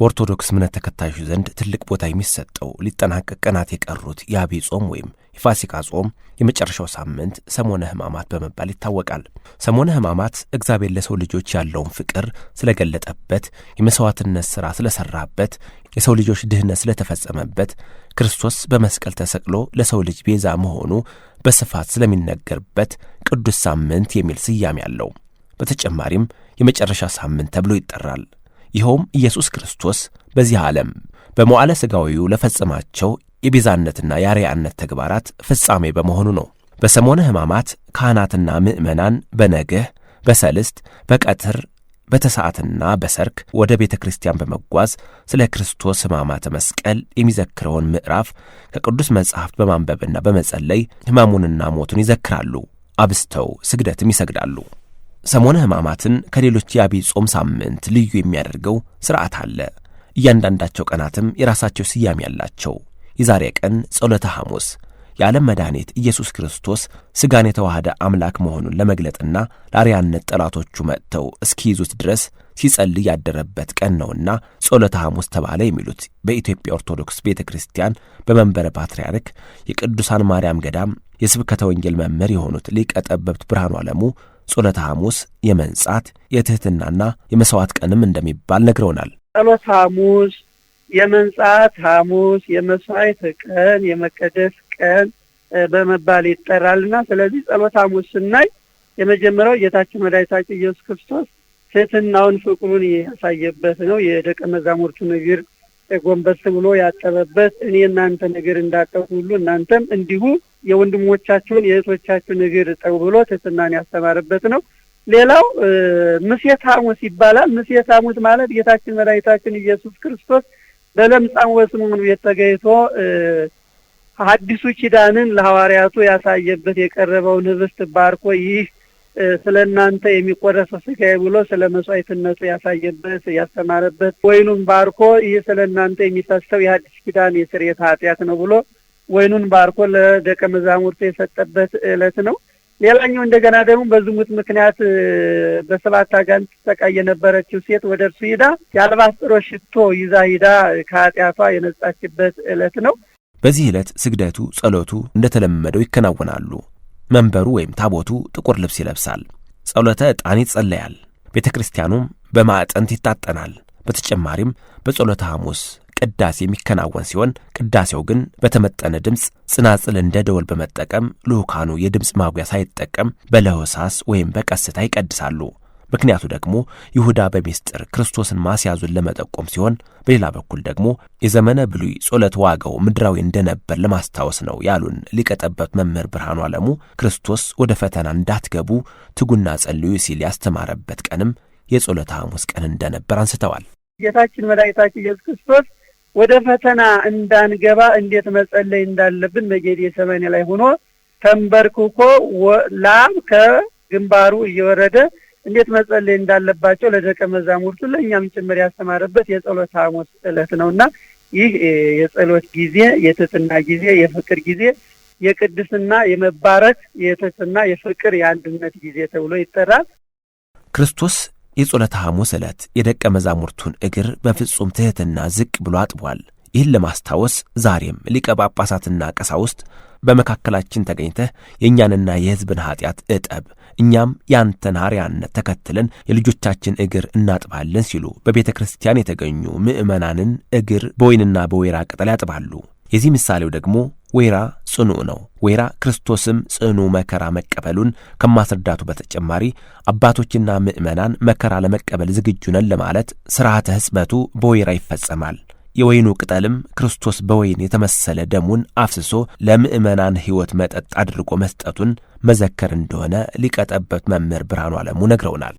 በኦርቶዶክስ እምነት ተከታዮች ዘንድ ትልቅ ቦታ የሚሰጠው ሊጠናቀቅ ቀናት የቀሩት የአብይ ጾም ወይም የፋሲካ ጾም የመጨረሻው ሳምንት ሰሞነ ሕማማት በመባል ይታወቃል። ሰሞነ ሕማማት እግዚአብሔር ለሰው ልጆች ያለውን ፍቅር ስለገለጠበት፣ የመሥዋዕትነት ሥራ ስለሠራበት፣ የሰው ልጆች ድህነት ስለተፈጸመበት፣ ክርስቶስ በመስቀል ተሰቅሎ ለሰው ልጅ ቤዛ መሆኑ በስፋት ስለሚነገርበት ቅዱስ ሳምንት የሚል ስያሜ አለው። በተጨማሪም የመጨረሻ ሳምንት ተብሎ ይጠራል። ይኸውም ኢየሱስ ክርስቶስ በዚህ ዓለም በመዋዕለ ሥጋዊው ለፈጸማቸው የቤዛነትና የአርያነት ተግባራት ፍጻሜ በመሆኑ ነው። በሰሞነ ሕማማት ካህናትና ምእመናን በነግህ፣ በሰልስት፣ በቀትር፣ በተሰዓትና በሰርክ ወደ ቤተ ክርስቲያን በመጓዝ ስለ ክርስቶስ ሕማማተ መስቀል የሚዘክረውን ምዕራፍ ከቅዱስ መጽሐፍት በማንበብና በመጸለይ ሕማሙንና ሞቱን ይዘክራሉ። አብስተው ስግደትም ይሰግዳሉ። ሰሞነ ሕማማትን ከሌሎች የአብይ ጾም ሳምንት ልዩ የሚያደርገው ሥርዓት አለ። እያንዳንዳቸው ቀናትም የራሳቸው ስያሜ ያላቸው። የዛሬ ቀን ጸሎተ ሐሙስ የዓለም መድኃኒት ኢየሱስ ክርስቶስ ሥጋን የተዋህደ አምላክ መሆኑን ለመግለጥና ለአርያነት ጠላቶቹ መጥተው እስኪይዙት ድረስ ሲጸልይ ያደረበት ቀን ነውና ጸሎተ ሐሙስ ተባለ የሚሉት በኢትዮጵያ ኦርቶዶክስ ቤተ ክርስቲያን በመንበረ ፓትርያርክ የቅዱሳን ማርያም ገዳም የስብከተ ወንጌል መምህር የሆኑት ሊቀ ጠበብት ብርሃኑ ዓለሙ ጸሎተ ሐሙስ የመንጻት የትህትናና የመሥዋዕት ቀንም እንደሚባል ነግረውናል። ጸሎተ ሐሙስ፣ የመንጻት ሐሙስ፣ የመሥዋዕት ቀን፣ የመቀደስ ቀን በመባል ይጠራልና ስለዚህ ጸሎተ ሐሙስ ስናይ የመጀመሪያው ጌታችን መድኃኒታችን ኢየሱስ ክርስቶስ ትህትናውን፣ ፍቅሩን ያሳየበት ነው። የደቀ መዛሙርቱን እግር ጎንበስ ብሎ ያጠበበት እኔ እናንተ እግር እንዳጠብኩ ሁሉ እናንተም እንዲሁ የወንድሞቻችሁን የእህቶቻችሁን እግር ጠቡ ብሎ ትሕትናን ያስተማርበት ነው። ሌላው ምሴት ሐሙስ ይባላል። ምሴት ሐሙስ ማለት ጌታችን መድኃኒታችን ኢየሱስ ክርስቶስ በለምጻም ወስምዖን ቤት ተገኝቶ አዲሱ ኪዳንን ለሐዋርያቱ ያሳየበት የቀረበውን ኅብስት ባርኮ ይህ ስለ እናንተ የሚቆረሰ ስጋዬ ብሎ ስለ መስዋዕትነቱ ያሳየበት ያስተማረበት፣ ወይኑን ባርኮ ይህ ስለ እናንተ የሚፈሰው የሐዲስ ኪዳን የስርየት ኃጢአት ነው ብሎ ወይኑን ባርኮ ለደቀ መዛሙርቱ የሰጠበት ዕለት ነው። ሌላኛው እንደገና ደግሞ በዝሙት ምክንያት በሰባት አጋንንት ተሰቃይ የነበረችው ሴት ወደ እርሱ ሂዳ የአልባስጥሮ ሽቶ ይዛ ሂዳ ከኃጢአቷ የነጻችበት ዕለት ነው። በዚህ ዕለት ስግደቱ፣ ጸሎቱ እንደተለመደው ይከናወናሉ። መንበሩ ወይም ታቦቱ ጥቁር ልብስ ይለብሳል። ጸሎተ ዕጣን ይጸለያል። ቤተ ክርስቲያኑም በማዕጠንት ይታጠናል። በተጨማሪም በጸሎተ ሐሙስ ቅዳሴ የሚከናወን ሲሆን ቅዳሴው ግን በተመጠነ ድምፅ ጽናጽል እንደ ደወል በመጠቀም ልሁካኑ የድምፅ ማጉያ ሳይጠቀም በለሆሳስ ወይም በቀስታ ይቀድሳሉ። ምክንያቱ ደግሞ ይሁዳ በሚስጥር ክርስቶስን ማስያዙን ለመጠቆም ሲሆን፣ በሌላ በኩል ደግሞ የዘመነ ብሉይ ጸሎት ዋጋው ምድራዊ እንደነበር ለማስታወስ ነው ያሉን ሊቀ መምህር ብርሃኑ ዓለሙ ክርስቶስ ወደ ፈተና እንዳትገቡ ትጉና ጸልዩ ሲል ያስተማረበት ቀንም የጸሎተ ሐሙስ ቀን እንደነበር አንስተዋል። ጌታችን መድኃኒታችን ኢየሱስ ክርስቶስ ወደ ፈተና እንዳንገባ እንዴት መጸለይ እንዳለብን በጌቴሰማኒ ላይ ሆኖ ተንበርክኮ ላም ከግንባሩ እየወረደ እንዴት መጸለይ እንዳለባቸው ለደቀ መዛሙርቱ ለእኛም ጭምር ያስተማረበት የጸሎት ሐሙስ ዕለት ነው እና ይህ የጸሎት ጊዜ፣ የትህትና ጊዜ፣ የፍቅር ጊዜ፣ የቅድስና፣ የመባረክ፣ የትትና የፍቅር፣ የአንድነት ጊዜ ተብሎ ይጠራል። ክርስቶስ የጸሎተ ሐሙስ ዕለት የደቀ መዛሙርቱን እግር በፍጹም ትሕትና ዝቅ ብሎ አጥቧል። ይህን ለማስታወስ ዛሬም ሊቀ ጳጳሳትና ቀሳውስት በመካከላችን ተገኝተህ የእኛንና የሕዝብን ኀጢአት እጠብ፣ እኛም ያንተን ሐርያነት ተከትለን የልጆቻችን እግር እናጥባለን ሲሉ በቤተ ክርስቲያን የተገኙ ምእመናንን እግር በወይንና በወይራ ቅጠል ያጥባሉ። የዚህ ምሳሌው ደግሞ ወይራ ጽኑ ነው። ወይራ ክርስቶስም ጽኑ መከራ መቀበሉን ከማስረዳቱ በተጨማሪ አባቶችና ምዕመናን መከራ ለመቀበል ዝግጁ ነን ለማለት ሥርዓተ ሕጽበቱ በወይራ ይፈጸማል። የወይኑ ቅጠልም ክርስቶስ በወይን የተመሰለ ደሙን አፍስሶ ለምዕመናን ሕይወት መጠጥ አድርጎ መስጠቱን መዘከር እንደሆነ ሊቀጠበት መምህር ብርሃኑ ዓለሙ ነግረውናል።